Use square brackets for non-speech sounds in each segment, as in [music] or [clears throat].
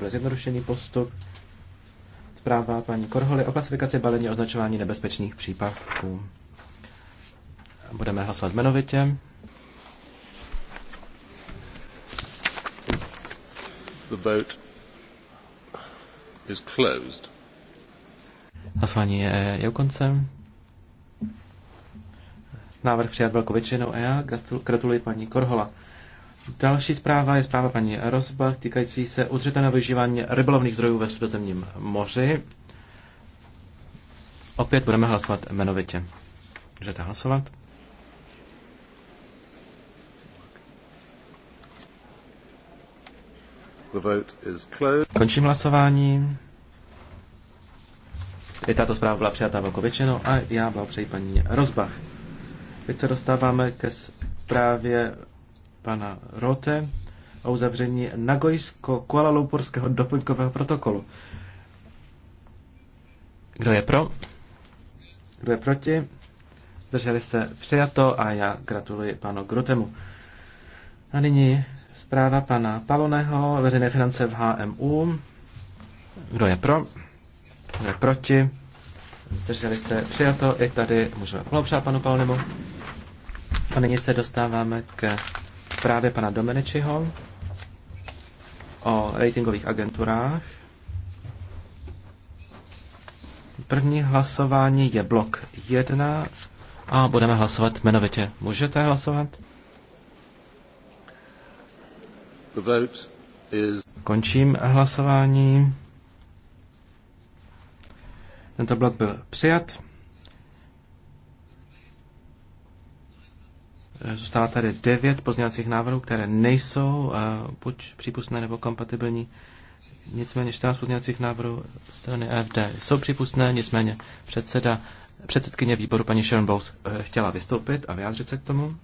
byl zjednodušený postup. Zpráva paní Korholy o klasifikaci balení označování nebezpečných případků. Budeme hlasovat jmenovitě. The vote is closed. Hlasování je, je u konce. Návrh přijat velkou většinou a já gratuluji paní Korhola. Další zpráva je zpráva paní Rosbach týkající se udržitelného využívání rybolovných zdrojů ve Středozemním moři. Opět budeme hlasovat jmenovitě. Můžete hlasovat. The vote is closed. Končím hlasování. I tato zpráva byla přijata velkou většinou a já blahopřeji paní Rozbach. Teď se dostáváme ke zprávě pana Rote o uzavření Nagojsko-Kuala Lumpurského doplňkového protokolu. Kdo je pro? Kdo je proti? Zdrželi se přijato a já gratuluji panu Grotemu. A nyní zpráva pana Paloného, veřejné finance v HMU. Kdo je pro? Kdo je proti? Zdrželi se přijato. I tady můžeme blahopřát panu Palonemu. A nyní se dostáváme k zprávě pana Domenečiho o ratingových agenturách. První hlasování je blok 1 a budeme hlasovat jmenovitě. Můžete hlasovat? The vote is... Končím hlasování. Tento blok byl přijat. Zůstává tady devět pozměňovacích návrhů, které nejsou eh, buď přípustné nebo kompatibilní. Nicméně 14 pozměňovacích návrhů strany AFD jsou přípustné, nicméně předseda, předsedkyně výboru paní Sharon Bowles eh, chtěla vystoupit a vyjádřit se k tomu.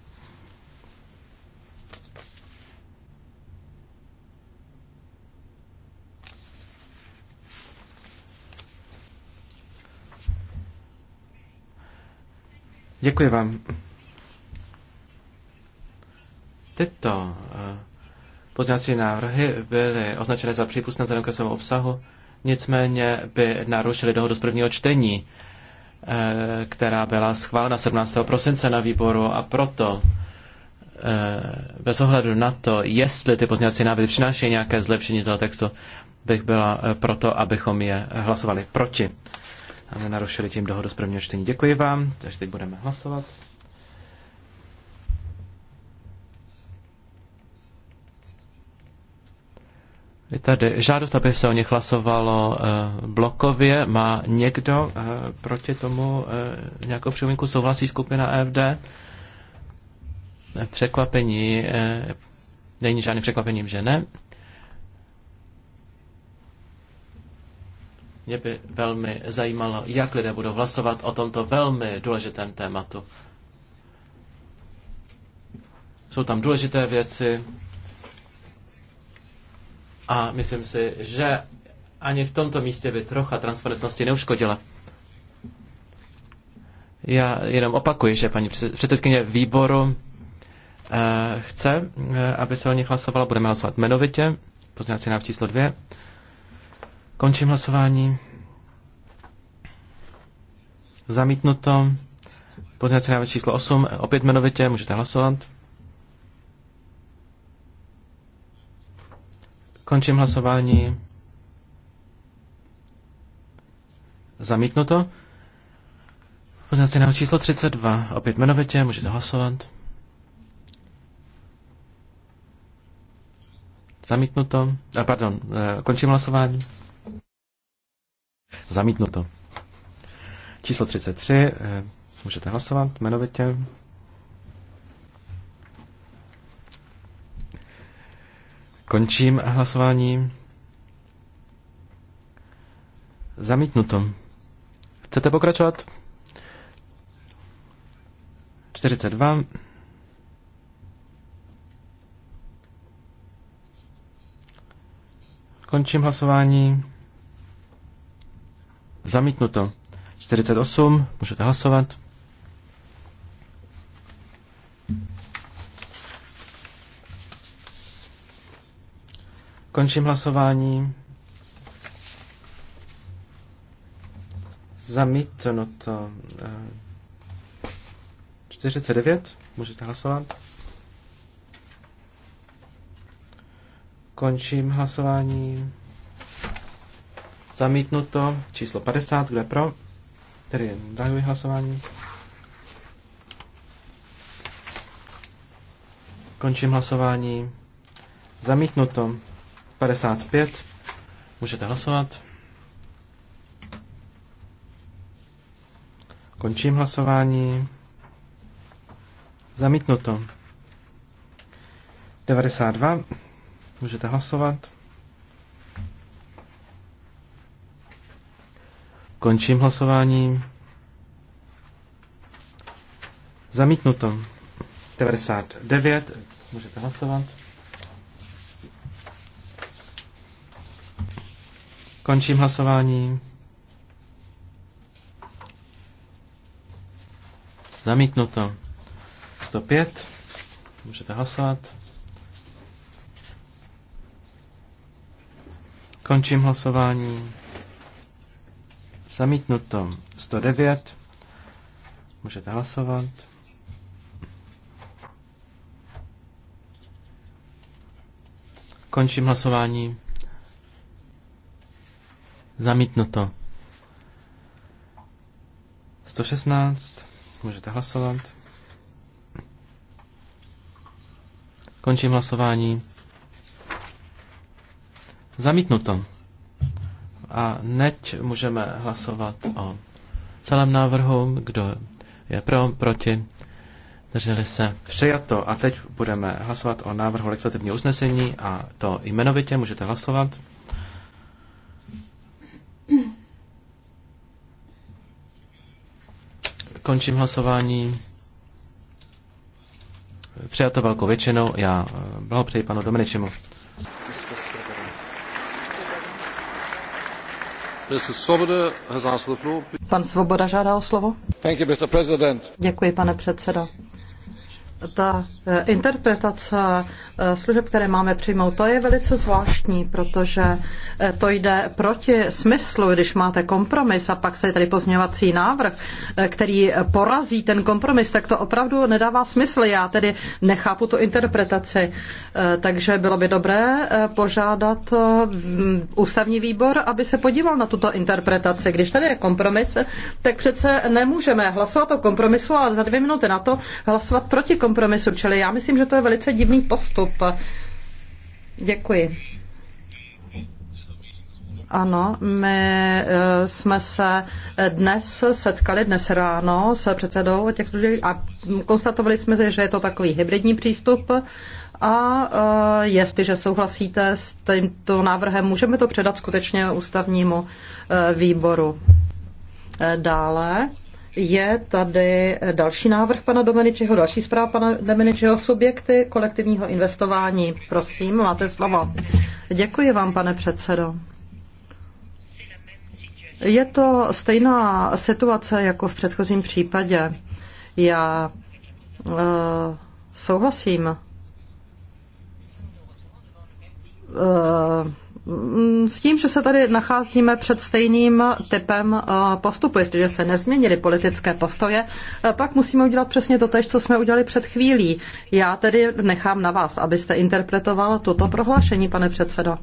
Děkuji vám. Tyto eh, pozměňovací návrhy byly označené za přípustné vzhledem ke svému obsahu, nicméně by narušily dohodu z prvního čtení, eh, která byla schválena 17. prosince na výboru a proto eh, bez ohledu na to, jestli ty pozměňovací návrhy přinášejí nějaké zlepšení toho textu, bych byla proto, abychom je hlasovali proti. A nenarušili tím dohodu z prvního čtení. Děkuji vám, takže teď budeme hlasovat. Je tady žádost, aby se o nich hlasovalo eh, blokově. Má někdo eh, proti tomu eh, nějakou připomínku? Souhlasí skupina EFD? Překvapení, není žádným překvapením, že ne. Mě by velmi zajímalo, jak lidé budou hlasovat o tomto velmi důležitém tématu. Jsou tam důležité věci, a myslím si, že ani v tomto místě by trocha transparentnosti neuškodila. Já jenom opakuji, že paní předsedkyně výboru eh, chce, eh, aby se o nich hlasovala. Budeme hlasovat jmenovitě. Pozměňovací návrh číslo dvě. Končím hlasování. Zamítnuto. Pozměňovací návrh číslo 8. Opět jmenovitě. Můžete hlasovat. Končím hlasování. Zamítnuto. Poznací na číslo 32. Opět jmenovitě, můžete hlasovat. Zamítnuto. A eh, pardon, eh, končím hlasování. Zamítnuto. Číslo 33. Eh, můžete hlasovat jmenovitě. Končím hlasování. Zamítnuto. Chcete pokračovat? 42. Končím hlasování. Zamítnuto. 48. Můžete hlasovat. Končím hlasování. Zamítnuto. 49. Eh, můžete hlasovat. Končím hlasování. Zamítnuto. Číslo 50. Kdo je pro? Tedy dáhuji hlasování. Končím hlasování. Zamítnuto. 55. Můžete hlasovat. Končím hlasování. Zamítnuto. 92. Můžete hlasovat. Končím hlasování. Zamítnuto. 99. Můžete hlasovat. Končím hlasování. Zamítnuto. 105. Můžete hlasovat. Končím hlasování. Zamítnuto. 109. Můžete hlasovat. Končím hlasování. Zamítnuto. 116. Můžete hlasovat. Končím hlasování. Zamítnuto. A neď můžeme hlasovat o celém návrhu, kdo je pro, proti, drželi se. Přijato. A teď budeme hlasovat o návrhu legislativního usnesení a to jmenovitě můžete hlasovat. Končím hlasování. Přijato velkou většinou. Já eh, blahopřeji panu Dominičemu. Pan Svoboda žádá o slovo. Děkuji, pane předsedo ta e, interpretace e, služeb, které máme přijmout, to je velice zvláštní, protože e, to jde proti smyslu, když máte kompromis a pak se je tady pozměňovací návrh, který porazí ten kompromis, tak to opravdu nedává smysl. Já tedy nechápu tu interpretaci. Takže bylo by dobré požádat ústavní výbor, aby se podíval na tuto interpretaci. Když tady je kompromis, tak přece nemůžeme hlasovat o kompromisu a za dvě minuty na to hlasovat proti kompromisu kompromisu. Čili já myslím, že to je velice divný postup. Děkuji. Ano, my eh, jsme se dnes setkali, dnes ráno s předsedou těch služeb a konstatovali jsme, že je to takový hybridní přístup a eh, jestliže souhlasíte s tímto návrhem, můžeme to předat skutečně ústavnímu eh, výboru. Dále je tady další návrh pana Domeničeho, další zpráva pana Domeničeho, subjekty kolektivního investování. Prosím, máte slovo. Děkuji vám, pane předsedo. Je to stejná situace jako v předchozím případě. Já uh, souhlasím. Uh, Mm, s tím, že se tady nacházíme před stejným typem eh, postupu, jestliže se nezměnily politické postoje, eh, pak musíme udělat přesně to tež, co jsme udělali před chvílí. Já tedy nechám na vás, abyste interpretoval toto prohlášení, pane předsedo.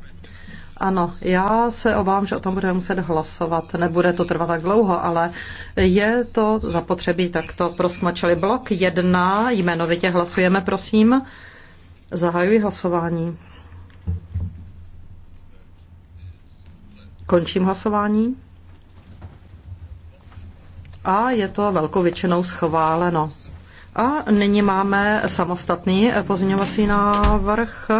Ano, já se obávám, že o tom budeme muset hlasovat. Nebude to trvat tak dlouho, ale je to zapotřebí takto prosmačili blok jedna, Jmenovitě hlasujeme, prosím. Zahajuji hlasování. Končím hlasování. A je to velkou většinou schváleno. A nyní máme samostatný pozměňovací návrh.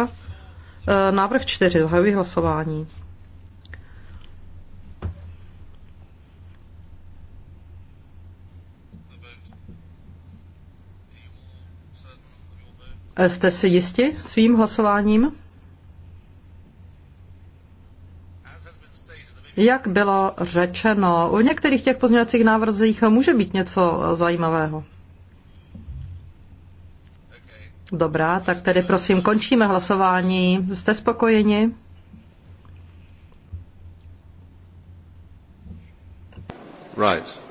Návrh 4. Zahajuji hlasování. Jste si jisti svým hlasováním? Jak bylo řečeno, u některých těch pozměňovacích návrzích může být něco zajímavého. Dobrá, tak tedy prosím, končíme hlasování. Jste spokojeni? Right.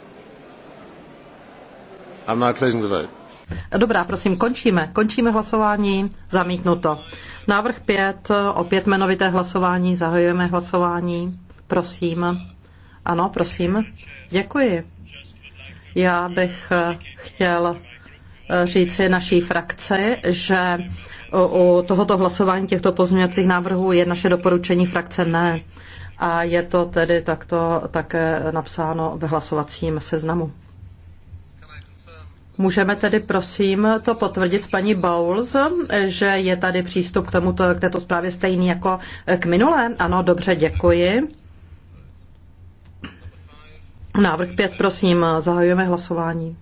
I'm now closing the vote. Dobrá, prosím, končíme. Končíme hlasování. Zamítnuto. Návrh 5, opět jmenovité hlasování. Zahajujeme hlasování. Prosím. Ano, prosím. Děkuji. Já bych chtěl eh, říci naší frakci, že u tohoto hlasování těchto pozměňovacích návrhů je naše doporučení frakce ne. A je to tedy takto také napsáno ve hlasovacím seznamu. Můžeme tedy prosím to potvrdit s paní Bowles, že je tady přístup k, tomuto, k této zprávě stejný jako k minulé? Ano, dobře, děkuji. Návrh 5, prosím, zahajujeme hlasování.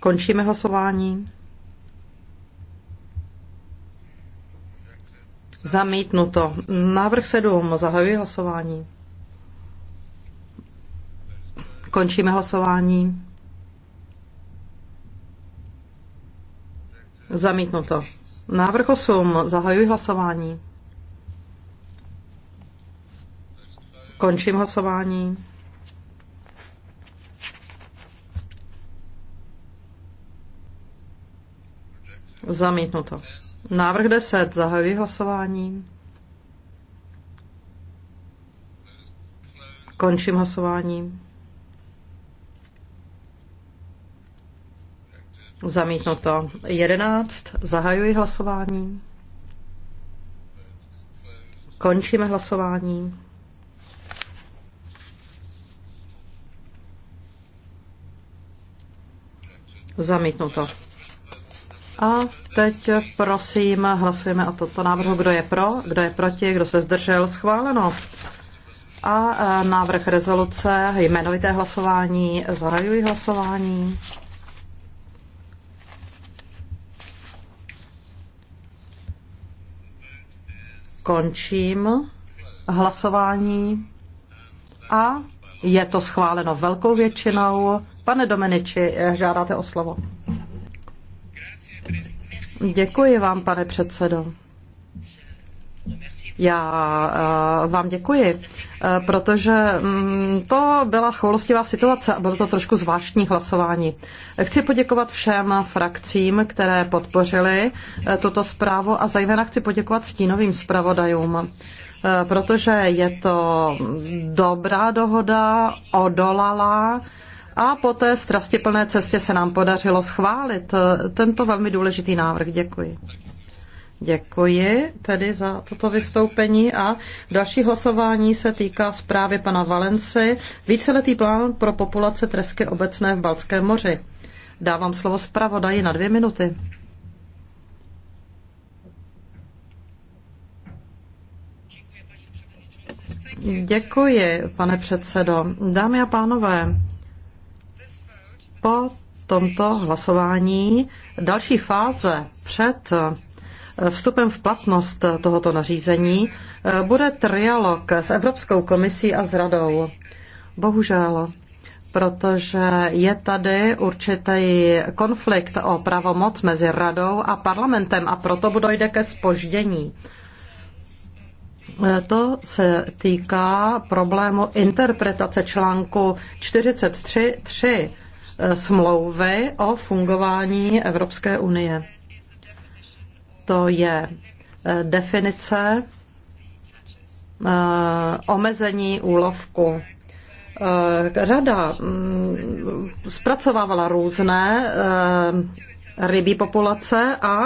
Končíme hlasování. Zamítnuto. Návrh 7, zahajuji hlasování. Končíme hlasování. Zamítnuto. Návrh 8, zahajuji hlasování. Končím hlasování. Zamítnuto. Návrh 10. Zahajuji hlasování. Končím hlasování. Zamítnuto. 11. Zahajuji hlasování. Končíme hlasování. Zamítnuto. A teď prosím, hlasujeme o toto návrhu, kdo je pro, kdo je proti, kdo se zdržel, schváleno. A e, návrh rezoluce, jmenovité hlasování, zahajuji hlasování. Končím hlasování a je to schváleno velkou většinou. Pane Domeniči, žádáte o slovo. Děkuji vám, pane předsedo. Já eh, vám děkuji, eh, protože mm, to byla choulostivá situace a bylo to trošku zvláštní hlasování. Chci poděkovat všem frakcím, které podpořily eh, tuto zprávu a zejména chci poděkovat stínovým zpravodajům, protože je to dobrá dohoda, odolala a po té strastiplné cestě se nám podařilo schválit eh, tento velmi důležitý návrh. Děkuji. Děkuji tedy za toto vystoupení a další hlasování se týká zprávy pana Valenci. Víceletý plán pro populace tresky obecné v Balckém moři. Dávám slovo zpravodaji na dvě minuty. Děkuji, pane předsedo. Dámy a pánové, po tomto hlasování další fáze před eh, vstupem v platnost tohoto nařízení eh, bude trialog s Evropskou komisí a s radou. Bohužel, protože je tady určitý konflikt o pravomoc mezi radou a parlamentem a proto dojde ke spoždění. Eh, to se týká problému interpretace článku 43.3 smlouvy o fungování Evropské unie. To je eh, definice eh, omezení úlovku. Eh, rada mm, zpracovávala různé rybí populace a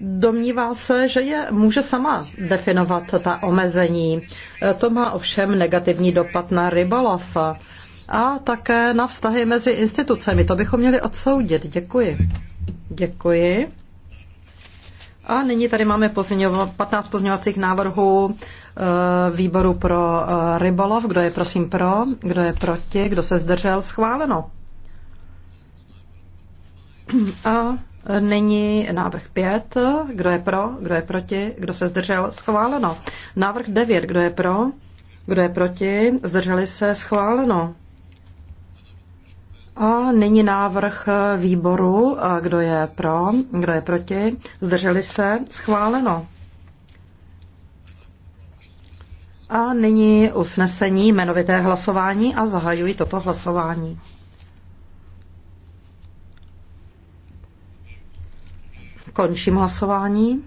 domnívá se, že je může sama definovat ta omezení. To má ovšem negativní dopad na rybolov a také na vztahy mezi institucemi. To bychom měli odsoudit. Děkuji. Děkuji. A nyní tady máme pozměňova, 15 pozměňovacích návrhů eh, výboru pro eh, rybolov. Kdo je prosím pro, kdo je proti, kdo se zdržel, schváleno. A nyní návrh 5. Kdo je pro, kdo je proti, kdo se zdržel, schváleno. Návrh 9. Kdo je pro, kdo je proti, zdrželi se, schváleno. A nyní návrh výboru, kdo je pro, kdo je proti, zdrželi se, schváleno. A nyní usnesení, jmenovité hlasování a zahajuji toto hlasování. Končím hlasování.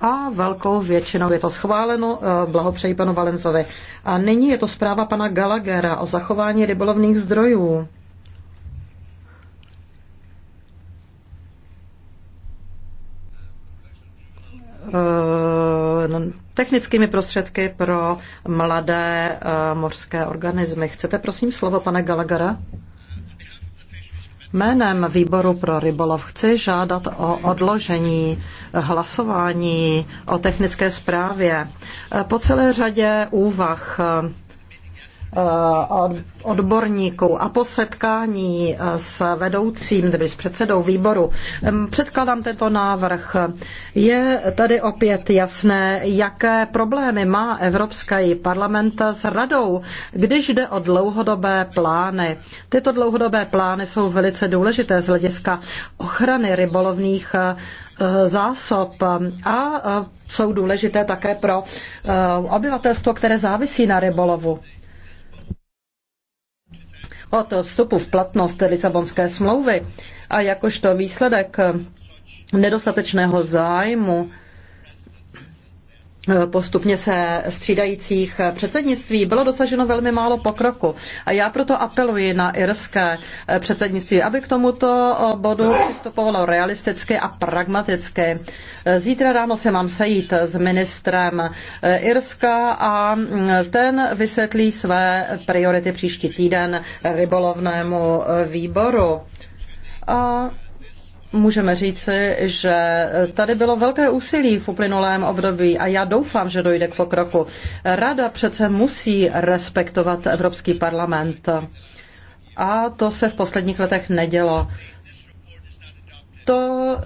a velkou většinou je to schváleno. Eh, blahopřeji panu Valencovi. A nyní je to zpráva pana Galagera o zachování rybolovných zdrojů. Eh, no, technickými prostředky pro mladé eh, mořské organismy. Chcete prosím slovo, pane Galagara? Jménem výboru pro rybolov chci žádat o odložení hlasování o technické zprávě. Po celé řadě úvah Eh, odborníků a po setkání eh, s vedoucím, tedy s předsedou výboru, předkládám tento návrh. Je tady opět jasné, jaké problémy má Evropský parlament s radou, když jde o dlouhodobé plány. Tyto dlouhodobé plány jsou velice důležité z hlediska ochrany rybolovných eh, zásob a jsou důležité také pro obyvatelstvo, které závisí na rybolovu od vstupu v platnost Lisabonské smlouvy a jakožto výsledek nedostatečného zájmu postupně se střídajících předsednictví bylo dosaženo velmi málo pokroku. A já proto apeluji na irské eh, předsednictví, aby k tomuto eh, bodu přistupovalo realisticky a pragmaticky. Eh, zítra ráno se mám sejít s ministrem Irska a mm, ten vysvětlí své priority příští týden rybolovnému výboru. A Můžeme říci, že tady bylo velké úsilí v uplynulém období a já doufám, že dojde k pokroku. Rada přece musí respektovat Evropský parlament. A to se v posledních letech nedělo. To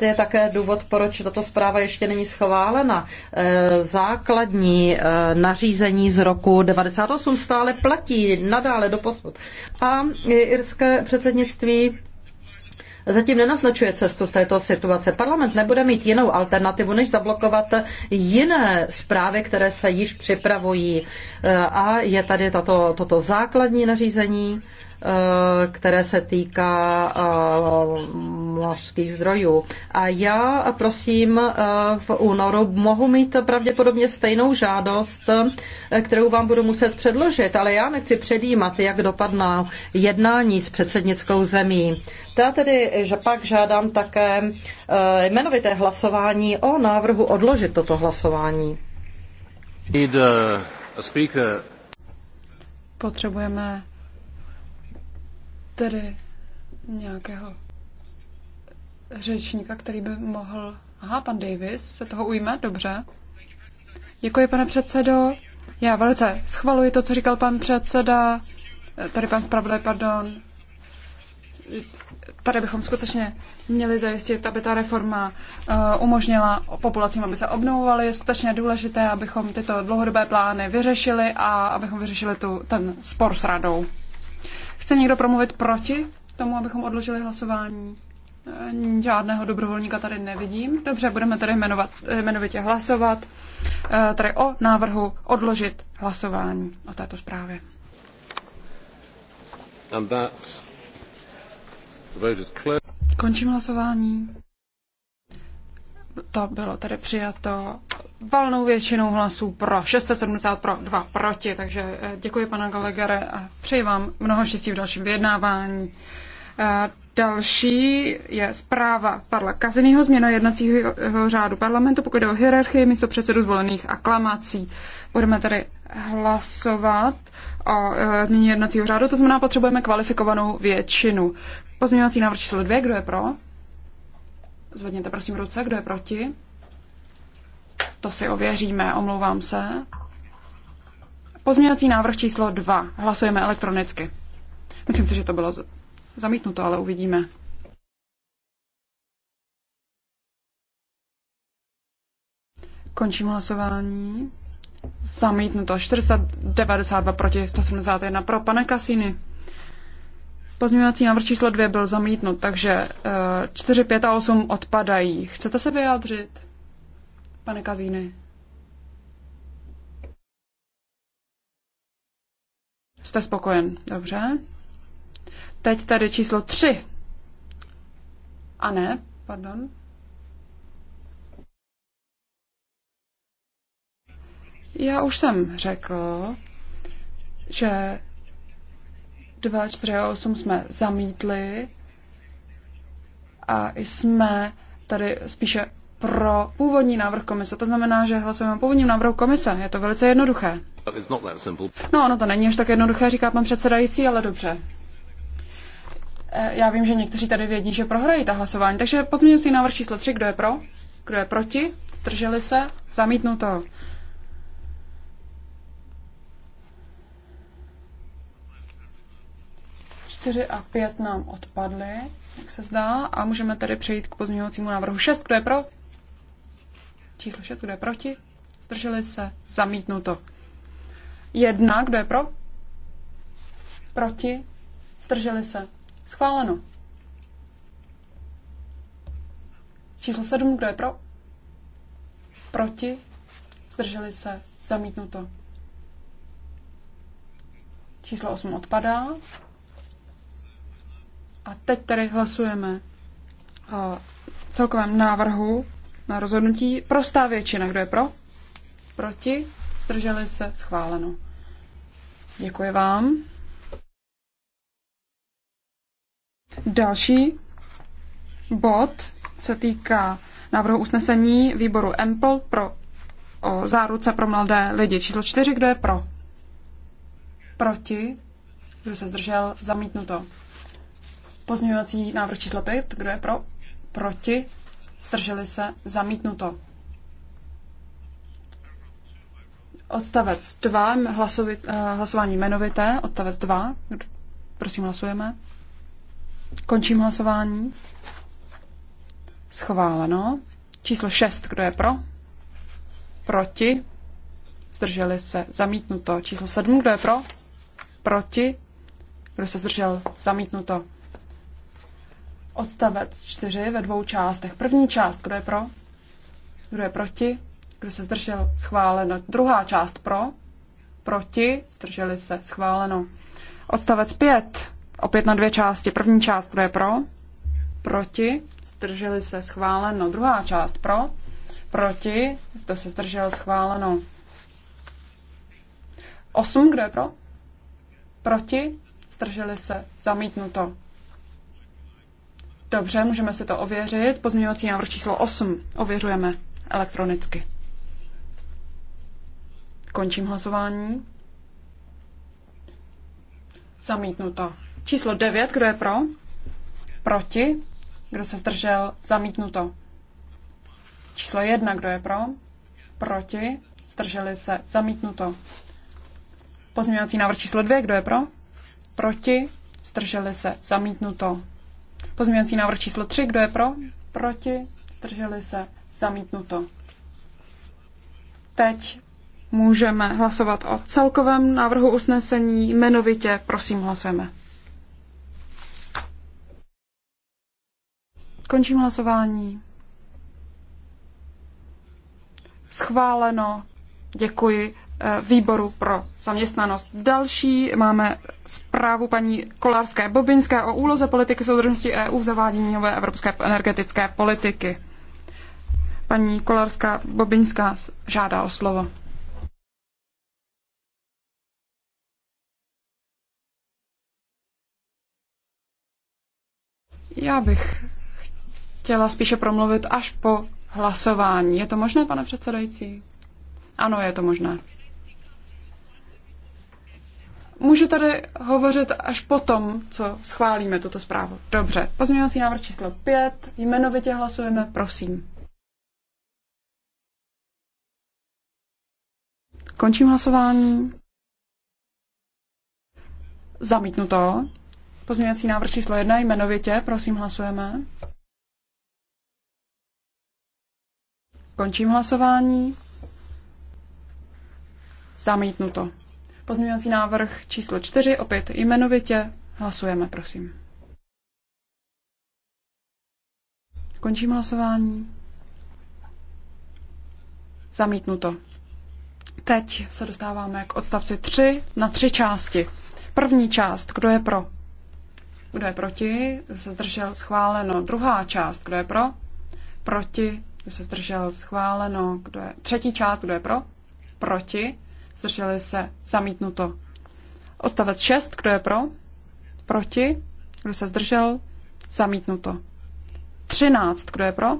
eh, je také důvod, proč tato zpráva ještě není schválena. Eh, základní eh, nařízení z roku 1998 stále platí nadále do posud. A irské předsednictví zatím nenaznačuje cestu z této situace. Parlament nebude mít jinou alternativu, než zablokovat jiné zprávy, které se již připravují. E, a je tady tato, toto základní nařízení Eh, které se týká eh, mořských zdrojů. A já prosím eh, v únoru mohu mít pravděpodobně stejnou žádost, kterou vám budu muset předložit, ale já nechci předjímat, jak dopadnou jednání s předsednickou zemí. Já tedy že pak žádám také jmenovité hlasování o návrhu odložit toto hlasování. Potřebujeme tedy nějakého řečníka, který by mohl... Aha, pan Davis se toho ujme, dobře. Děkuji, pane předsedo. Já velice schvaluji to, co říkal pan předseda, tady pan zpravodaj, pardon. Tady bychom skutečně měli zajistit, aby ta reforma eh, umožnila populacím, aby se obnovovaly. Je skutečně důležité, abychom tyto dlouhodobé plány vyřešili a abychom vyřešili tu, ten spor s radou. Chce někdo promluvit proti tomu, abychom odložili hlasování? Eh, žádného dobrovolníka tady nevidím. Dobře, budeme tedy jmenovat, eh, jmenovitě hlasovat eh, tady o návrhu odložit hlasování o této zprávě. Končím hlasování to bylo tedy přijato valnou většinou hlasů pro, 670 pro, 2 proti, takže eh, děkuji pana Galegere a přeji vám mnoho štěstí v dalším vyjednávání. Eh, další je zpráva Parla Kazinýho, změna jednacího řádu parlamentu, pokud jde o hierarchii místo předsedu zvolených aklamací. Budeme tedy hlasovat o eh, změně jednacího řádu, to znamená, potřebujeme kvalifikovanou většinu. Pozměňovací návrh číslo 2, kdo je pro? Zvedněte prosím ruce, kdo je proti. To si ověříme, omlouvám se. Pozměňovací návrh číslo 2. Hlasujeme elektronicky. Myslím si, že to bylo zamítnuto, ale uvidíme. Končím hlasování. Zamítnuto. 492 proti 171 pro. Pane Kasiny. Pozměňovací návrh číslo dvě byl zamítnut, takže eh, čtyři, pět a osm odpadají. Chcete se vyjádřit, pane Kazíny? Jste spokojen, dobře. Teď tady číslo tři. A ne, pardon. Já už jsem řekl, že 2, 4 a 8 jsme zamítli a jsme tady spíše pro původní návrh komise. To znamená, že hlasujeme o původním návrhu komise. Je to velice jednoduché. No, ono to není až tak jednoduché, říká pan předsedající, ale dobře. E, já vím, že někteří tady vědí, že prohrají ta hlasování. Takže pozměňující návrh číslo 3, kdo je pro? Kdo je proti? Zdrželi se? Zamítnuto. 4 a 5 nám odpadly, jak se zdá, a můžeme tedy přejít k pozměňovacímu návrhu 6. Kdo je pro? Číslo 6, kdo je proti? Zdrželi se? Zamítnuto. 1, kdo je pro? Proti? Zdrželi se? Schváleno. Číslo 7, kdo je pro? Proti? Zdrželi se? Zamítnuto. Číslo 8 odpadá. A teď tady hlasujeme o celkovém návrhu na rozhodnutí. Prostá většina. Kdo je pro? Proti? Zdrželi se? Schváleno. Děkuji vám. Další bod se týká návrhu usnesení výboru EMPL pro o záruce pro mladé lidi. Číslo čtyři, kdo je pro? Proti? Kdo se zdržel? Zamítnuto. Pozměňovací návrh číslo 5. Kdo je pro? Proti? Zdrželi se? Zamítnuto. Odstavec 2. Eh, hlasování jmenovité. Odstavec 2. Prosím, hlasujeme. Končím hlasování. Schváleno. Číslo 6. Kdo je pro? Proti? Zdrželi se? Zamítnuto. Číslo 7. Kdo je pro? Proti? Kdo se zdržel? Zamítnuto odstavec 4 ve dvou částech. První část, kdo je pro, kdo je proti, kdo se zdržel, schváleno. Druhá část pro, proti, zdrželi se, schváleno. Odstavec 5, opět na dvě části. První část, kdo je pro, proti, zdrželi se, schváleno. Druhá část pro, proti, kdo se zdržel, schváleno. 8, kdo je pro, proti, zdrželi se, zamítnuto. Dobře, můžeme si to ověřit. Pozměňovací návrh číslo 8 ověřujeme elektronicky. Končím hlasování. Zamítnuto. Číslo 9, kdo je pro? Proti? Kdo se zdržel? Zamítnuto. Číslo 1, kdo je pro? Proti? Zdrželi se? Zamítnuto. Pozměňovací návrh číslo 2, kdo je pro? Proti? Zdrželi se? Zamítnuto. Pozměňovací návrh číslo 3, kdo je pro? Proti? Zdrželi se? Zamítnuto. Teď můžeme hlasovat o celkovém návrhu usnesení. Jmenovitě, prosím, hlasujeme. Končím hlasování. Schváleno. Děkuji Eh, výboru pro zaměstnanost. Další máme zprávu paní Kolárské Bobinské o úloze politiky soudržnosti EU v zavádění nové evropské energetické politiky. Paní Kolárská Bobinská žádá o slovo. Já bych chtěla spíše promluvit až po hlasování. Je to možné, pane předsedající? Ano, je to možné. Můžu tady hovořit až potom, co schválíme tuto zprávu. Dobře, pozměňovací návrh číslo 5, jmenovitě hlasujeme, prosím. Končím hlasování. Zamítnuto. Pozměňovací návrh číslo 1, jmenovitě, prosím, hlasujeme. Končím hlasování. Zamítnuto. Pozměňovací návrh číslo 4, opět jmenovitě. Hlasujeme, prosím. Končím hlasování. Zamítnuto. Teď se dostáváme k odstavci 3 na tři části. První část, kdo je pro? Kdo je proti? Se zdržel schváleno. Druhá část, kdo je pro? Proti? se zdržel schváleno. Kdo je... Třetí část, kdo je pro? Proti? zdrželi se, zamítnuto. Odstavec 6, kdo je pro, proti, kdo se zdržel, zamítnuto. 13, kdo je pro,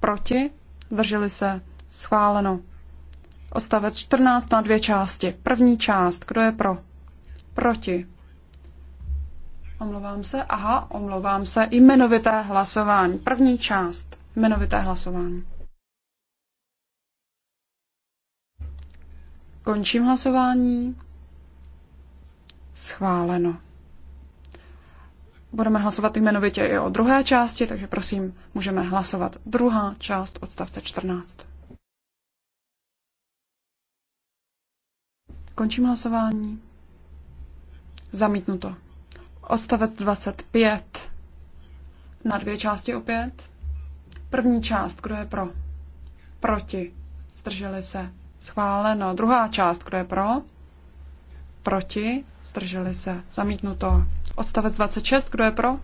proti, zdrželi se, schváleno. Odstavec 14 na dvě části. První část, kdo je pro, proti, Omlouvám se, aha, omlouvám se, jmenovité hlasování. První část, jmenovité hlasování. Končím hlasování. Schváleno. Budeme hlasovat jmenovitě i o druhé části, takže prosím, můžeme hlasovat druhá část odstavce 14. Končím hlasování. Zamítnuto. Odstavec 25. Na dvě části opět. První část, kdo je pro? Proti. Zdrželi se. Schváleno. Druhá část, kdo je pro? Proti? Zdrželi se. Zamítnuto. Odstavec 26, kdo je pro?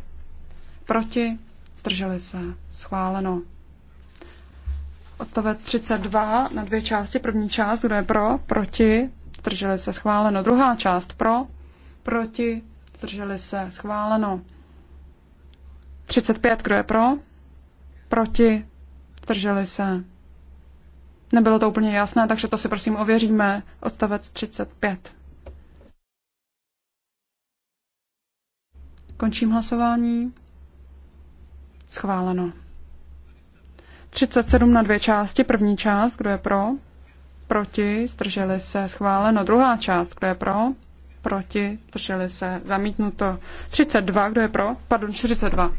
Proti? Zdrželi se. Schváleno. Odstavec 32 na dvě části. První část, kdo je pro? Proti? Zdrželi se. Schváleno. Druhá část, pro? Proti? Zdrželi se. Schváleno. 35, kdo je pro? Proti? Zdrželi se. Nebylo to úplně jasné, takže to si prosím ověříme. Odstavec 35. Končím hlasování. Schváleno. 37 na dvě části. První část, kdo je pro? Proti, zdrželi se, schváleno. Druhá část, kdo je pro? Proti, zdrželi se, zamítnuto. 32, kdo je pro? Pardon, 42.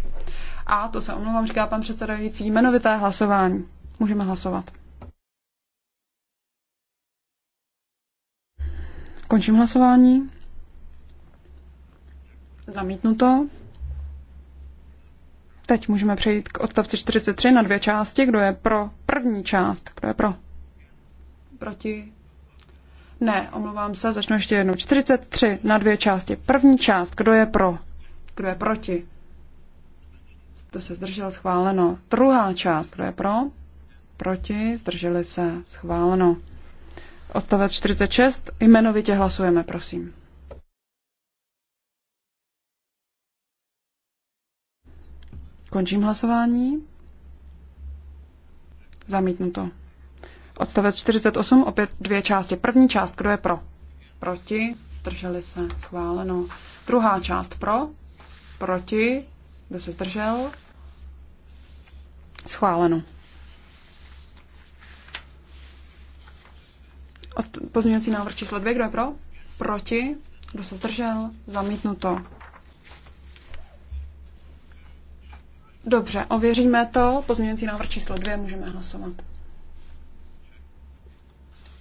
A to se omlouvám, říká pan předsedající, jmenovité hlasování. Můžeme hlasovat. Končím hlasování. Zamítnuto. Teď můžeme přejít k odstavci 43 na dvě části. Kdo je pro první část? Kdo je pro? Proti? Ne, omlouvám se, začnu ještě jednou. 43 na dvě části. První část, kdo je pro? Kdo je proti? To se zdrželo schváleno. Druhá část, kdo je pro? Proti, zdrželi se schváleno. Odstavec 46. Jmenovitě hlasujeme, prosím. Končím hlasování. Zamítnuto. Odstavec 48, opět dvě části. První část, kdo je pro? Proti, zdrželi se, schváleno. Druhá část pro, proti, kdo se zdržel? Schváleno. Pozměňovací návrh číslo dvě, kdo je pro? Proti? Kdo se zdržel? Zamítnuto. Dobře, ověříme to. Pozměňovací návrh číslo dvě, můžeme hlasovat.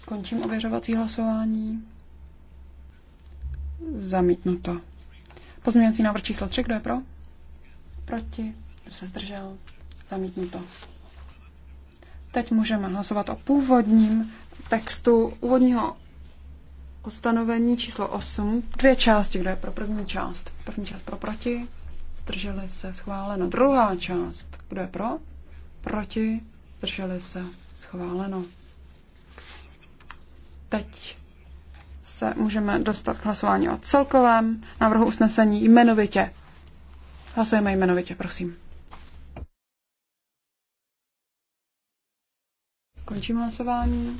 Končím ověřovací hlasování. Zamítnuto. Pozměňovací návrh číslo 3, kdo je pro? Proti? Kdo se zdržel? Zamítnuto. Teď můžeme hlasovat o původním textu úvodního ustanovení číslo 8, dvě části, kde je pro první část. První část pro proti, zdrželi se, schváleno. Druhá část, kde je pro, proti, zdrželi se, schváleno. Teď se můžeme dostat k hlasování o celkovém návrhu usnesení jmenovitě. Hlasujeme jmenovitě, prosím. Končím hlasování.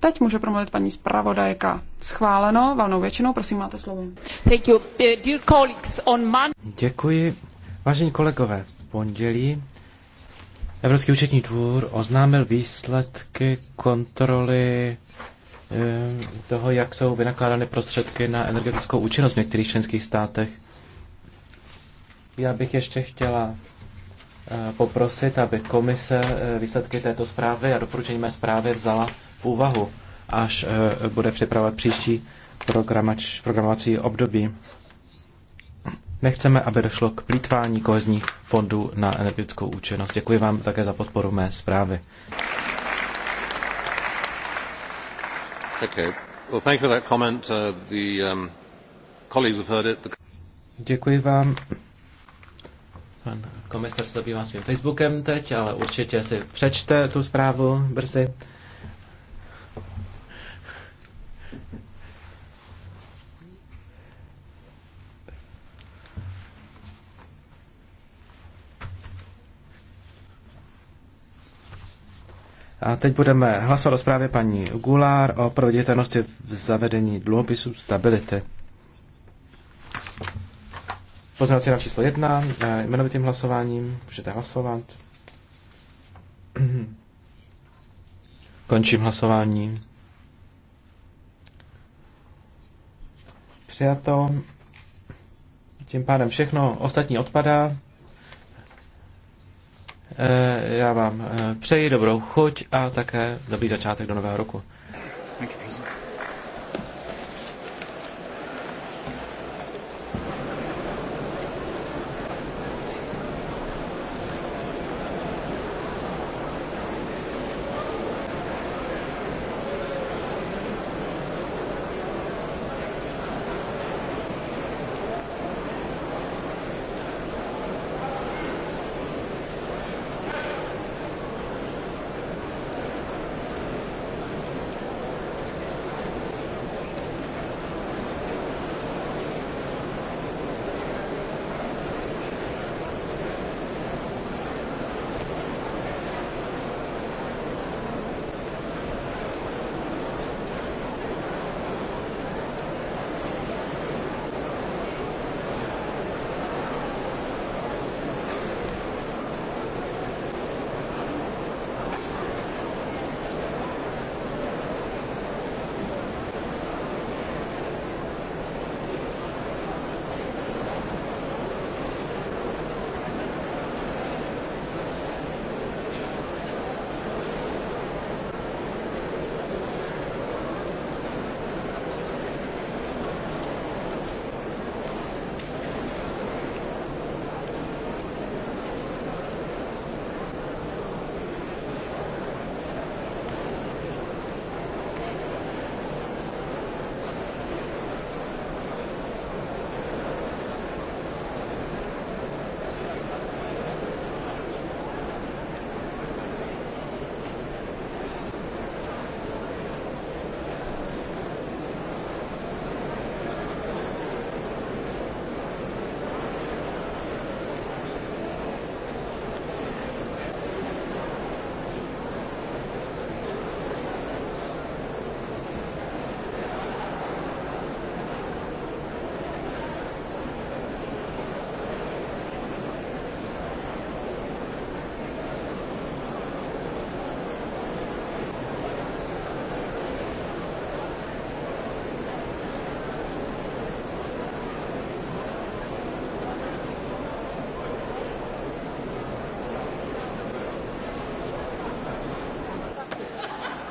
Teď může promluvit paní zpravodajka. Schváleno valnou většinou, prosím, máte slovo. Thank you. Uh, dear colleagues, on Děkuji. Vážení kolegové, v pondělí Evropský účetní dvůr oznámil výsledky kontroly eh, toho, jak jsou vynakládány prostředky na energetickou účinnost v některých členských státech. Já bych ještě chtěla Eh, poprosit, aby komise eh, výsledky této zprávy a doporučení mé zprávy vzala v úvahu, až eh, bude připravovat příští programač, programovací období. Nechceme, aby došlo k plítvání kohezních fondů na energetickou účinnost. Děkuji vám také za podporu mé zprávy. Okay. Well, thank you for that comment. Uh, the um, colleagues have heard it. The... Děkuji vám. Pan komisar se zabývá svým Facebookem teď, ale určitě si přečte tu zprávu brzy. A teď budeme hlasovat o zprávě paní Gulár o proveditelnosti v zavedení dluhopisů stability. Poznávací na číslo jedna. Eh, jmenovitým hlasováním, můžete hlasovat. [clears throat] Končím hlasování. Přijato. Tím pádem všechno ostatní odpadá. Eh, já vám eh, přeji dobrou chuť a také dobrý začátek do nového roku. Thank you.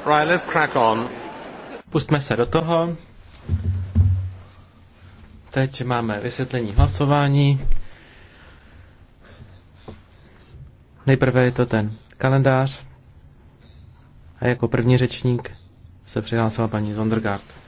Right, let's crack on. Pustme se do toho. Teď máme vysvětlení hlasování. Nejprve je to ten kalendář. A jako první řečník se přihlásila paní Zondergaard.